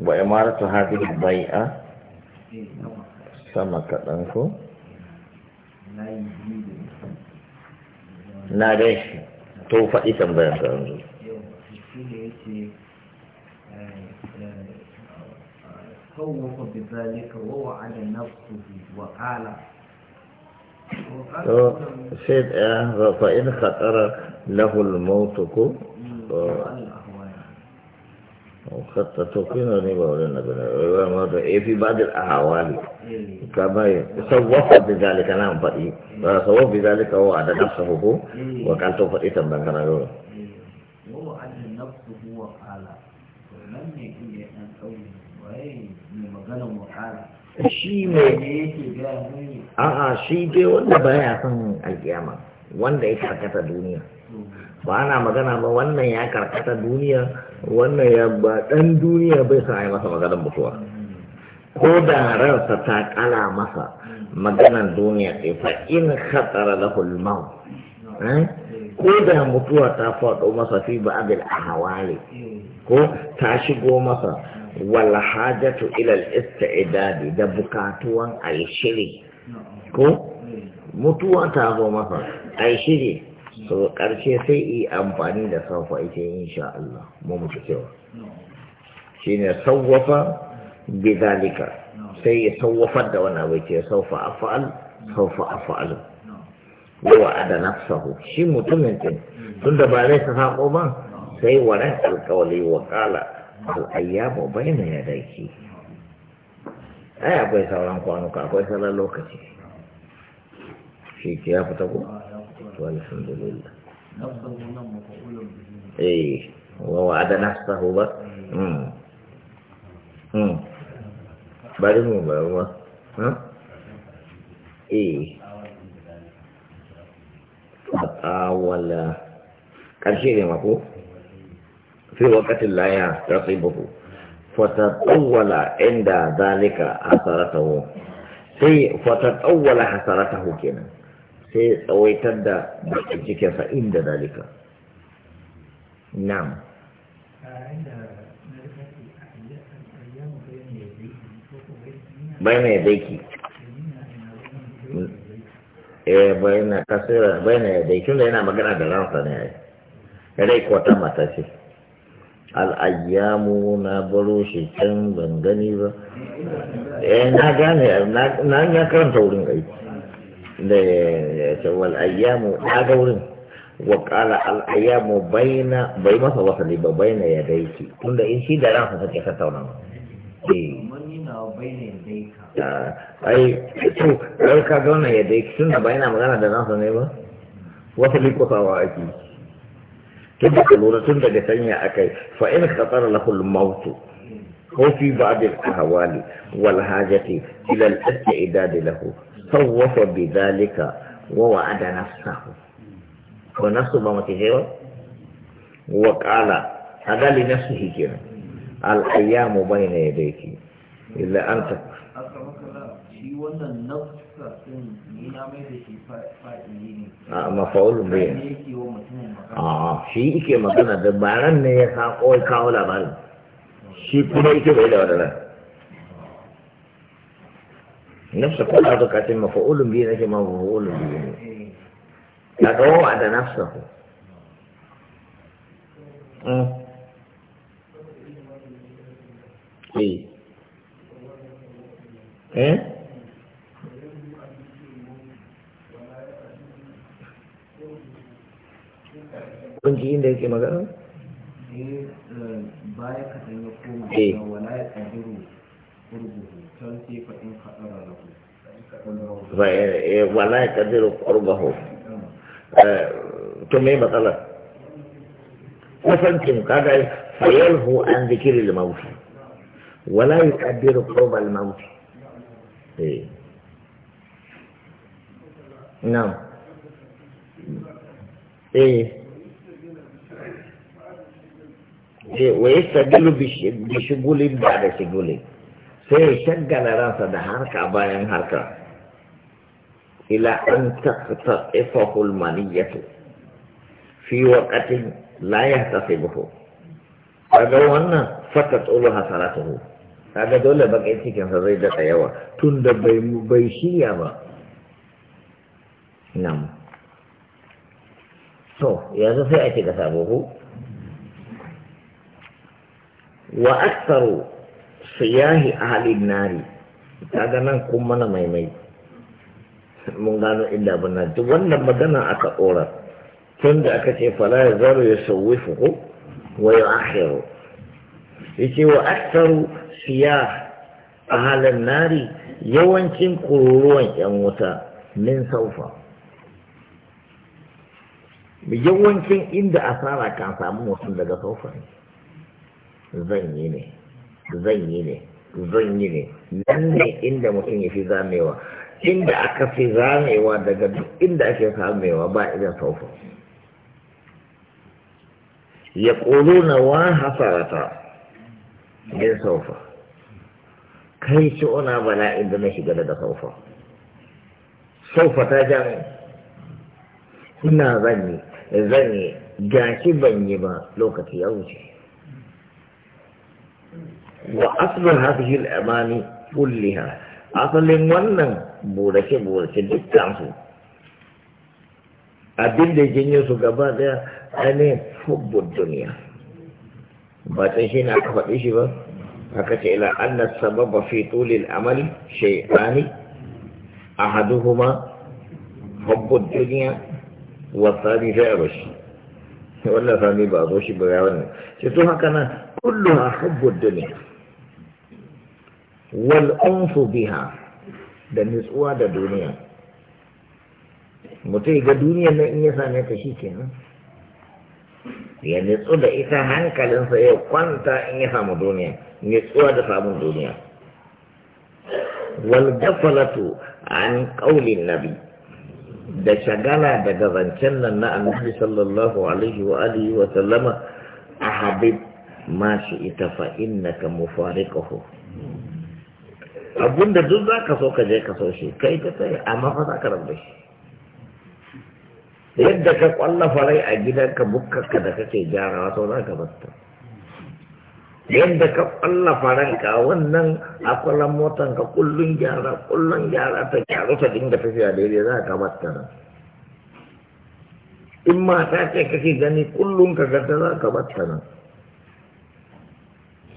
wa imaratu hadhihi bai'a sama kaɗan ko na dai to faɗi tambayar ka yanzu خوف sai ɗaya نفسه وقال سيد فإن خطر hatta to kuna ne ba wurin na bane ba ma da afi eh, badal ahawali ka bai sawwafa bi zalika nan fadi ba sawwafa bi zalika wa oh, da nafsuhu ko wa kan to fadi tamban kana yau wa an nafsuhu wa qala nan ne kin da dan kauli waye ne magana wa qala shi ne yake ga a A'a shi dai wanda baya son alkiyama wanda ya karkata duniya ba ana magana ba wannan ya karkata duniya wannan ya ba dan duniya bai sa yi masa maganar mutuwa ko da ransa ta kala masa maganar duniya sai fa in khatara lahu al-maut eh? ko da mutuwa ta faɗo masa fi a ahwali ko ta shigo masa wal hajatu ila al-istidadi da bukatuwan al-shiri ko mutuwa ta zo masa ai shiri so ƙarshe sai yi amfani da saufa ita insha Allah mu mutu cewa shi ne sauwafa bizalika sai ya sauwafar da wani abu ce saufa afa'al saufa afa'al yawa ada nafsahu shi mutumin din tun da ba zai ta sako ba sai waran alƙawali wa kala al'ayyamu bayna yadayki ai akwai sauran kwanuka akwai sauran lokaci shi ke ya fita ko alhamdulillah eh wa wa'ada nafsahu ba hmm hmm bari mu ba ba eh atawala karshe ne mako fi wakati laya rasibuhu fatatawala inda zalika hasaratahu sai fatatawala hasaratahu kenan sai tsawaitar da bakin cikinsa inda dalika bai na yadaiki eh bai na bayan yadaiki da yana magana da ransa ne yi rai ko ta mata ce al'ayyamu na baro shi can ban gani ba eh na gane na na ya karanta wurin aiki والأيام أدور وقال الأيام بين بين وصلي بين يديك كل إن شيء دران فسكي ستونا إيه. آه. أي تو أي كذونا يديك سنة بين مغانا دران فنيبا وصلي كثوا أكيد كده كلورة سنة جسنيا أكيد فإن خطر له الموت هو في بعض الأحوال والحاجة إلى الاستعداد له sawwafa bidhalika wa wa'ada nafsahu ko nafsu ba mace ce wa qala hadali nafsihi kenan al ayyamu wannan nafsa din ni na mai da shi fa'idini a mafaulun bayan a shi yake magana da baran ne ya kawo labarin shi kuma yake bai da wadana nafsa ko da ka ce mafa'ulun biyu nake ma mafa'ulun biyu ne ka kawo a da nafsa ko eh eh kun inda yake magana? Eh, baya ka sanya koma, wala ya ƙadiru قربه ولا يقدر إيه، قربه كم مثلا وفنتم قال إيه، فينهو عن ذكر الموت ولا يقدر قرب الموت إيه. نعم ايه, إيه، ويستدل بشغل بعد شغله sai ya ransa da harka bayan harka ila an taqta ifahu almaniyatu fi waqatin la yahtasibuhu kaga wannan fatat ulu hasalatuhu kaga dole bakin cikin sa zai daɗa yawa tun da bai bai shiya ba nam to yanzu sai a ce ga sabo wa aktsaru siyahi ahalin nari kaga nan kun mana maimai mun gano inda bana duk wannan magana aka ɗora tun da aka ce fala ya zaro ya sauwi fuku wa ya akhiru wa aktsaru siyah ahalin nari yawancin kururuwan yan wuta min saufa yawancin inda asara kan samu mutum daga saufa zan yi ne zan yi ne zan yi ne nan ne inda mutum ya fi zamewa inda aka fi zamewa daga duk inda ake samewa ba idan saufa ya ƙoro na wa hasarata din saufa kai ci ona bala inda na shiga daga saufa saufa ta jan ina zan yi zan yi gashi ban yi ba lokaci ya wuce wa aslun hafi al-amani ha asalin wannan burace burace dukkan su abin da jinyo su gaba daya ne hubbud duniya ba ta shi na aka faɗi shi ba aka ce ila anna sababa fi tuli al-amali shay'ani ahaduhuma hubbud duniya wa thani fa'rush wannan sami ba a zo shi ba ya wannan ce to haka nan kullu hubbud duniya wal anfu biha da nutsuwa da duniya mutum ga duniya na in ya same ta shi kenan ya nutsu da ita hankalinsa ya kwanta in ya samu duniya nutsuwa da samun duniya wal gafalatu an qaulin nabi da shagala daga zancen nan na annabi sallallahu alaihi wa alihi wa sallama a habib ma shi ita fa innaka mufariqahu abinda duk za ka so ka je ka so shi kai ta tsaye amma fa za ka rabu shi yadda ka kwalla farai a gidanka bukkarka da kake gyarawa to za ka basta yadda ka kwalla farai ka wannan a motan ka kullun gyara kullun gyara ta gyaru ta dinga tafiya daidai za ka basta nan in mata ce kake gani kullun ka gata za ka basta nan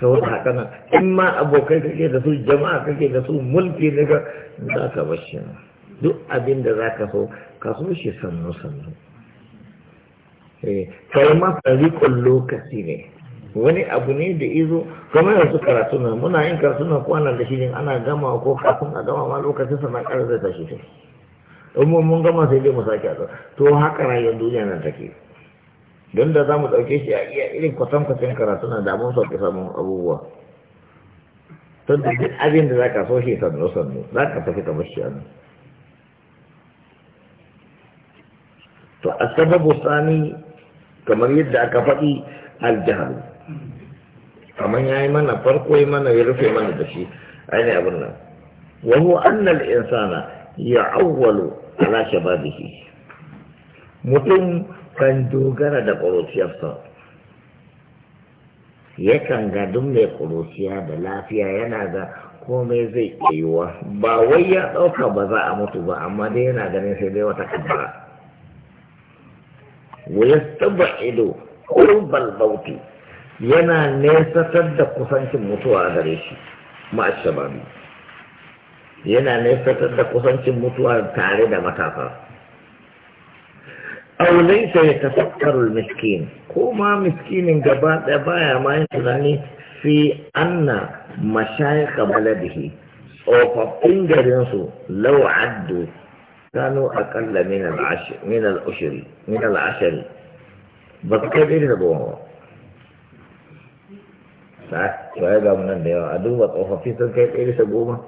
saboda haka nan in ma abokai kake da su jama'a kake da su mulki ne ka za ka bashin. duk abin da za ka so ka so shi sannu sannu eh, kai masa rikon lokaci ne wani abu ne da izo kamar yanzu karatu na muna yin karatu na kwana da shirin ana gama ko kafin a gama ma lokacin sana da zai tashi sai mun gama sai dai mu sake a to haka rayuwar duniya nan take don da za mu ɗauke shi a iya irin kwatankwacin karatu na damun sauƙi samun abubuwa tun da duk abin da za ka so shi sannu sannu za ka tafi kamar shi a nan to a sababu sani kamar yadda aka faɗi aljihar kamar ya yi mana farko ya mana ya rufe mana da shi ainihin abin nan wahu annal insana ya awwalu ala shababihi mutum kan dogara da ƙuruciyarsa yakan ga duk mai ƙuruciya da lafiya yana ga komai zai yiwuwa ba wai ya ɗauka ba za a mutu ba amma dai yana ganin sai dai wata kabbara wuyar taba ido ƙurbal bauti yana nesatar da kusancin mutuwa a gare shi yana nesatar da kusancin mutuwa tare da matasa أو ليس يتفكر المسكين ما مسكين جبان أبايا ما يتغني في أن مشايخ بلده أو فبتنجرنسو لو عدوا كانوا أقل من العشر من العشر من العشر بكتب إيه بوه كيف إيه سبوما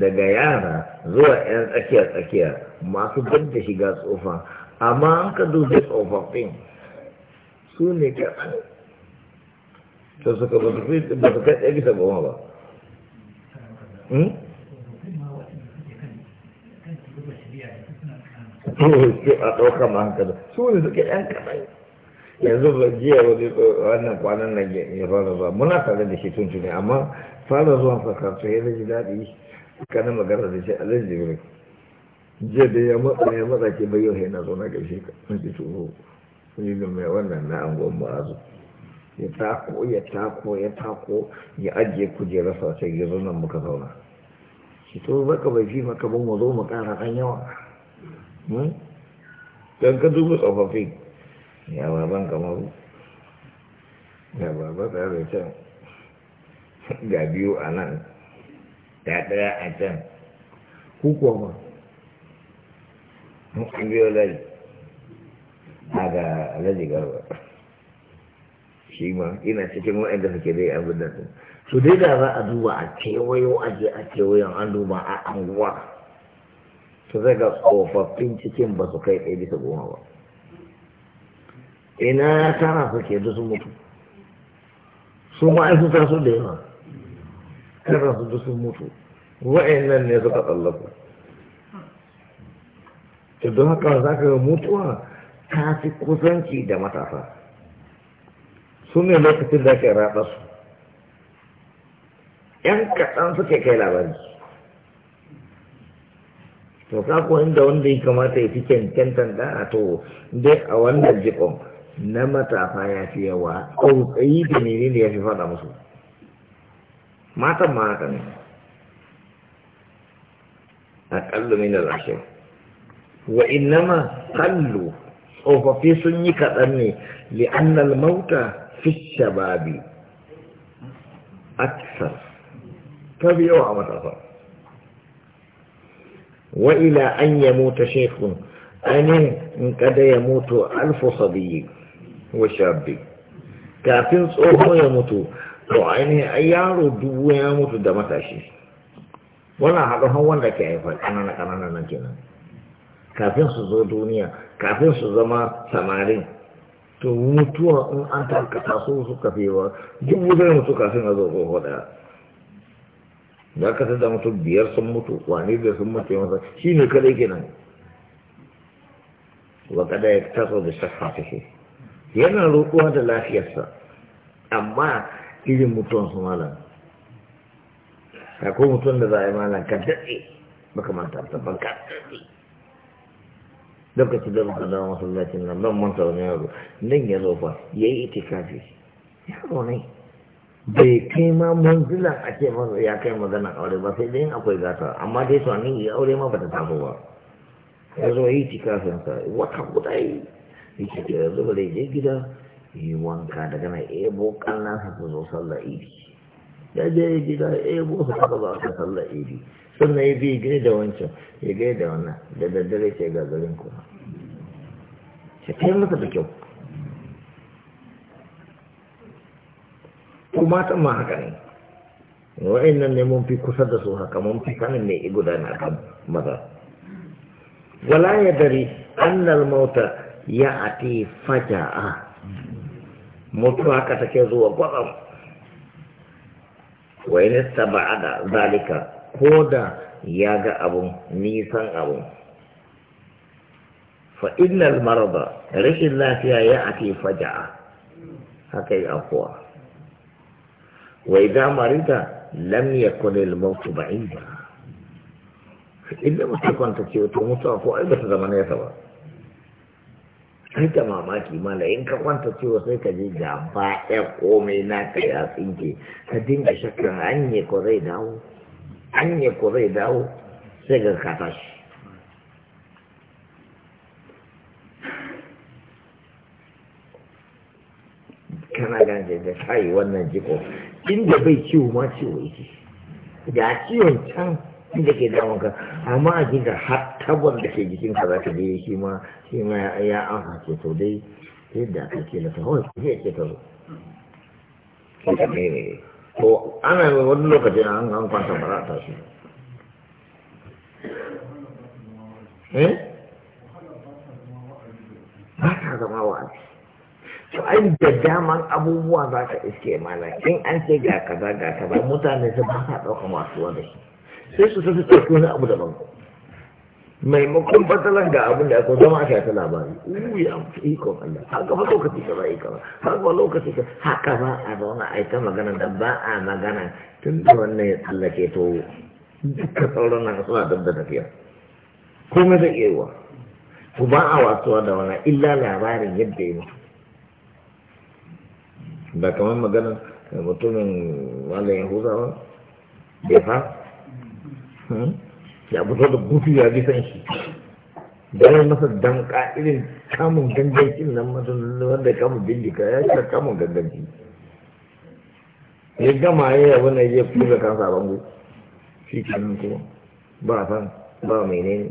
daga yara zuwa 'yan tsakiya-tsakiya masu da shiga tsofa amma an ka dubi tsofaffin su ne suka ba su kai bisa goma ba hmm? a ma hankali su ne suke ɗan yanzu ba jiya wani wannan kwanan nan ya fara zuwa muna tare da shi tun tuni amma fara zuwa sakarci ya daɗi kana magana da shi alin jibril jiya da ya matsa ya matsa ke bayo ya na zo ga shi ka Mun tuho sun yi mai wannan na angon ma'azu ya tako ya tako ya tako ya ajiye kujerar sa sai ya zo nan muka zauna shi to baka bai fi maka ban mu zo mu kara kan yawa hmm? dan ka duba tsofaffi ya baban kamaru ya baban tsarin can ga biyu a nan da ɗaya a can ku koma an biyo lari a ga alaji garba shi ma ina cikin waɗanda suke dai abin da su su dai da za a duba a kewayo a je a kewayon an duba a anguwa su zai ga tsofaffin cikin ba su kai ɗaya bisa goma ba ina tana suke da su mutu su ma ai su taso da yawa kada su da sun mutu nan ne suka tsallaba Idan don haka za ka yi mutuwa ta fi kusanci da matasa su ne lokacin da ke ratsa su yan kaɗan suke kai labari to ka kuwa inda wanda ya kamata ya fi kyankyantan da a to dai a wannan jikon na matasa ya fi yawa tsautsayi da da ya fi faɗa musu matan ma haka ne aƙallu min al-ashir wa innama qallu tsofaffi sun yi kaɗan ne li'anna al-mauta fi shababi aksar ta biyo a matasa wa ila an yamuta shaykhun anin in kada ya mutu alfu sabiyyi wa shabbi kafin tsoho ya mutu to ainihin yaro dubu ya mutu da matashi wannan haɗu har wanda ke haifar ƙanana ƙanana nan kenan kafin su zo duniya kafin su zama samarin to mutuwa in an tarkata su su kafewa dubu zai mutu kafin a zo tsoho ɗaya da aka da mutu biyar sun mutu wani da sun mutu masa shi ne kadai kenan wa kada ya taso da shafa shi yana roƙuwa da lafiyarsa amma irin mutuwan su malam ka mutuwan da za a yi malam ka daɗe baka manta ta banka lokacin da muka zama masallacin nan ban manta wani yaro nan ya zo fa ya yi ita itikafi yaro ne bai kai ma manzila a ce masa ya kai magana aure ba sai dai akwai gata amma dai su anin ya aure ma ba ta tafi ba ya zo ya yi itikafin sa wata guda yi yake ya yanzu ba zai je gida yi wanka daga na ebo eh, kallon haka zo sallar iri ya je ya gida ebo eh, su taba ba su sallar idi sannan ya bi gai da wancan ya gai da wannan da daddare ke gagarin kuma ta kai masa da kyau kuma ta ma haka ne nan ne mun fi kusa da su haka mun fi kanin ne da na kan maza wala ya dari annal mota ya ati faja'a mutuwa ka take zuwa kwatsam wai ne taba da zalika ko da ya ga abun nisan abun fa innal marada rashin lafiya ya ake faja'a haka yi afuwa Wai idza marida lam yakun al mawt ba'ida idan mutum kwanta ce to mutuwa ko ai ba ta zama nesa ba kai mamaki mala in ka kwanta ciwo sai ka ji gaba ɗaya komai na ka ya tsinke ka dinga shakkan anye ko zai dawo anye ko zai dawo sai ga ka tashi kana gane da shayi wannan jiko inda bai ciwo ma ciwo yake da ciwon can inda ke damun ka amma a jinka har da ke jikin ka za ka je shi ma shi ma ya an hace to dai yadda aka ce da kawai zai ce ka to ana yi wani lokaci an an kwanta ba ta a eh ba ta zama wa'azi to ai da daman abubuwa za ka iske malam in an ce ga kaza ga kaza mutane su ba sa ɗauka masu wani shi sai su su ɗauki wani abu daban maimakon batalan da abin da aka zama aka ta labari uwu ya ikon Allah haka ba lokaci ka ba ikon ba haka ba lokaci ka haka ba a zauna a ita magana da ba a magana tun da wannan ya tsallake to duka sauran na suna dab da tafiya komai zai iya yiwa ku ba a wasuwa da wani illa labarin yadda ya mutu ba kamar magana mutumin wanda ya huzawa ya fa Hmm? ya fito da gudu ya ji san shi dare masa dan irin kamun gangancin nan mutum wanda kamun bindika ya shi kamun ganganci ya gama ya yabu na ya fi da kansa bango shi nan kuma ba san ba menene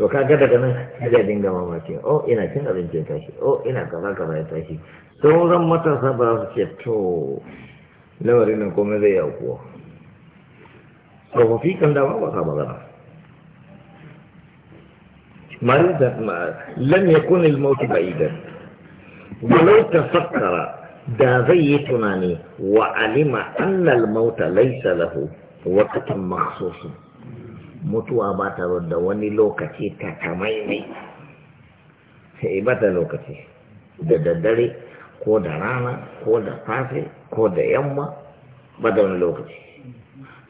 to ga daga nan ya dinga ce, oh ina cin abincin tashi oh ina kaza kaza ya tashi sauran matasa ba su ce to lamarin nan komai zai yaukuwa tsofaffi kan dama ba ka magana maridan lam yakun al ba idan. walau fakara da zai yi tunani wa alima annal mauta laisa lahu wakatan makhsus mutuwa ba ta da wani lokaci ta kamaimai sai ba ta lokaci da daddare ko da rana ko da safe ko da yamma ba da wani lokaci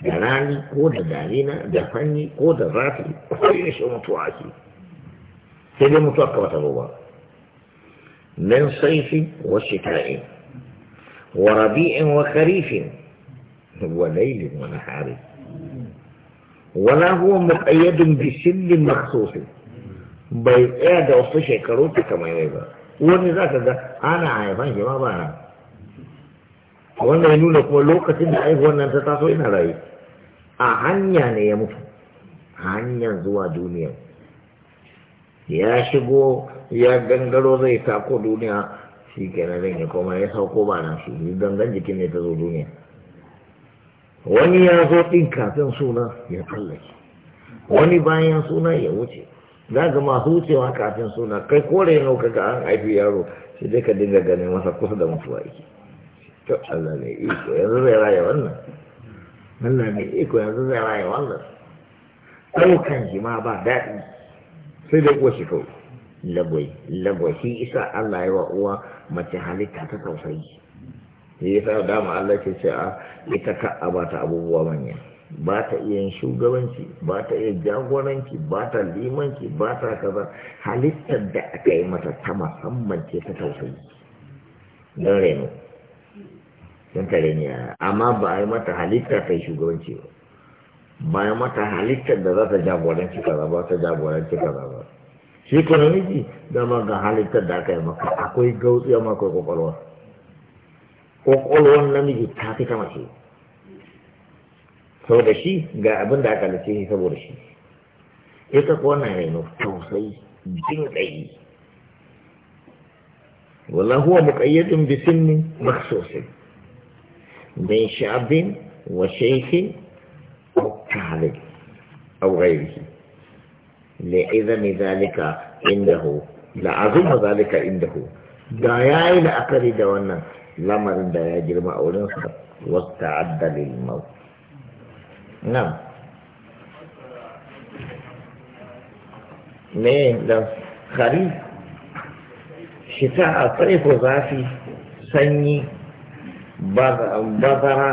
da rani ko da damina da sanyi ko da zafi ko yin shi mutuwa ake sai dai mutuwa ka bata ba min saifi wa shita'in wa rabi'in wa kharifin wa laylin wa nahari wala huwa muqayyadun bi sillin makhsusin bai tsaya da wasu shekaru ta kamar ba wani za ka ga ana haifan shi ma ba na wannan ya nuna kuma lokacin da haihuwar nan ta taso ina rayu a hanya ne ya mutu hanyar zuwa duniya ya shigo ya gangaro zai sako duniya shi kenan zan ya kuma ya sauko ba na shi gangan jikin ne ta zo duniya wani ya zo ɗin kafin suna ya tsallake wani bayan suna ya wuce za ga masu wucewa kafin suna kai kore auka ga an haifi yaro sai dai ka dinga ganin masa kusa da mutuwa yake to Allah ne iko yanzu zai raya wannan Allah ne iko yanzu zai raya wannan ɗaukan shi ma ba daɗi sai dai kuwa shi kau, lagwai lagwai shi isa Allah ya wa uwa mace halitta ta tausayi ya sa dama Allah ke ce a ita ka abata abubuwa manya ba ta iya yin shugabanci ba ta iya jagoranci ba ta limanci ba ta kaza halittar da aka yi mata ta musamman ce ta tausayi don reno don ta reni amma ba a yi mata halittar ta yi shugabanci ba ba a yi mata halittar da za ta jagoranci kaza ba ta jagoranci kaza ba shi kuma miji dama ga halittar da aka yi maka akwai gautsi amma akwai kwakwalwa kwakwalwar namiji ta fi ta mace saboda shi ga abin da aka lace saboda shi ita ko wannan reno tausayi jin ƙayi wala huwa muqayyadun bi sinni makhsusin min sha'bin wa shaykhin aw kahlik aw ghayrihi li'idami dhalika indahu la'azima dhalika indahu da yayi la'akari da wannan lamarin da ya girma a wurin sa wasta'adda lil maut nan me da kari shita a tsarifin zafi sanyi bazara